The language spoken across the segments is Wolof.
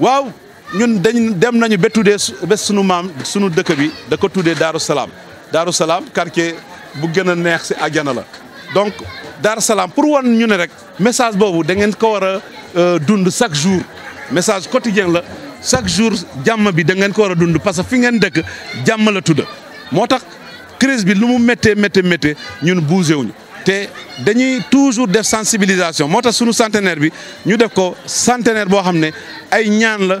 waaw ñun dañ dem nañu ba tuddee ba sunu maam sunu dëkk bi da ko tuddee Daaru Salaam Daaru Salaam quartier bu gën a neex si àjjana la donc Daaru Salaam pour wan ñu ne rek message boobu da ngeen ko war a euh, dund chaque jour message quotidien la chaque jour jàmm bi da ngeen ko war a dund parce que fi ngeen dëkk jàmm la tudd moo tax crise bi lu mu méttee méttee méttee ñun bougé wuñu te dañuy toujours def sensibilisation moo tax sunu centenaire bi ñu def ko centenaire boo xam ne ay ñaan la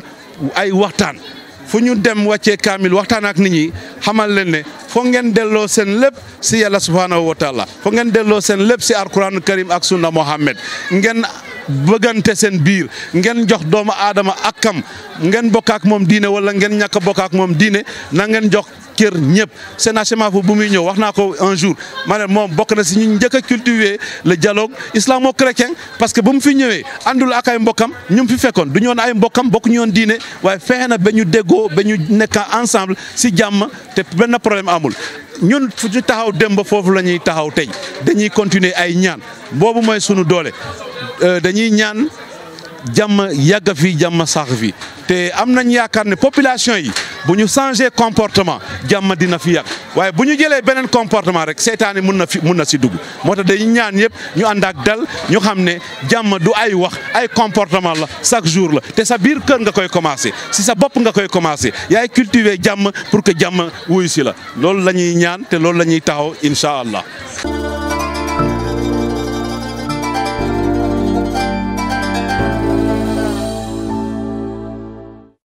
ay waxtaan fu ñu dem wàccee kaamil waxtaan ak nit ñi xamal leen ne foo ngeen delloo seen lépp si yàlla subhanahu wa taala foo ngeen delloo seen lépp si alquran karim ak sunna Mohammed ngeen bëggante seen biir ngeen jox doomu aadama kam ngeen bokk ak moom diine wala ngeen ñàkk a bokk ak moom diine na ngeen jox cër ñëpp Sénat Semafo bu muy ñëw wax naa ko un jour ma moom bokk na si ñu njëkk a cultiver le dialogue islamo-chrétien parce que bu mu fi ñëwee àndul ak ay mbokkam ñu fi fekkoon du ñoon ay mbokkam bokk ñu woon diine waaye fexe na ba ñu déggoo ba ñu nekk ensemble si jàmm te benn problème amul. ñun fu ñu taxaw dem ba foofu la ñuy taxaw tey dañuy continuer ay ñaan boobu mooy sunu doole. Euh, dañuy ñaan jàmm yàgg fi jàmm sax fi te am nañ yaakaar ne population yi bu ñu changé comportement jàmm dina fi yàgg waaye bu ñu jëlee beneen comportement rek seetaan mun na fi mun na si dugg moo tax dañuy ñaan yëpp ñu ànd ak dal ñu xam ne jàmm du ay wax ay comportement la chaque jour la te sa biir kër nga koy commencé si sa bopp nga koy commencé yaay cultiver jàmm pour que jàmm wuyu si la loolu la ñuy ñaan te loolu la ñuy taxaw incha allah.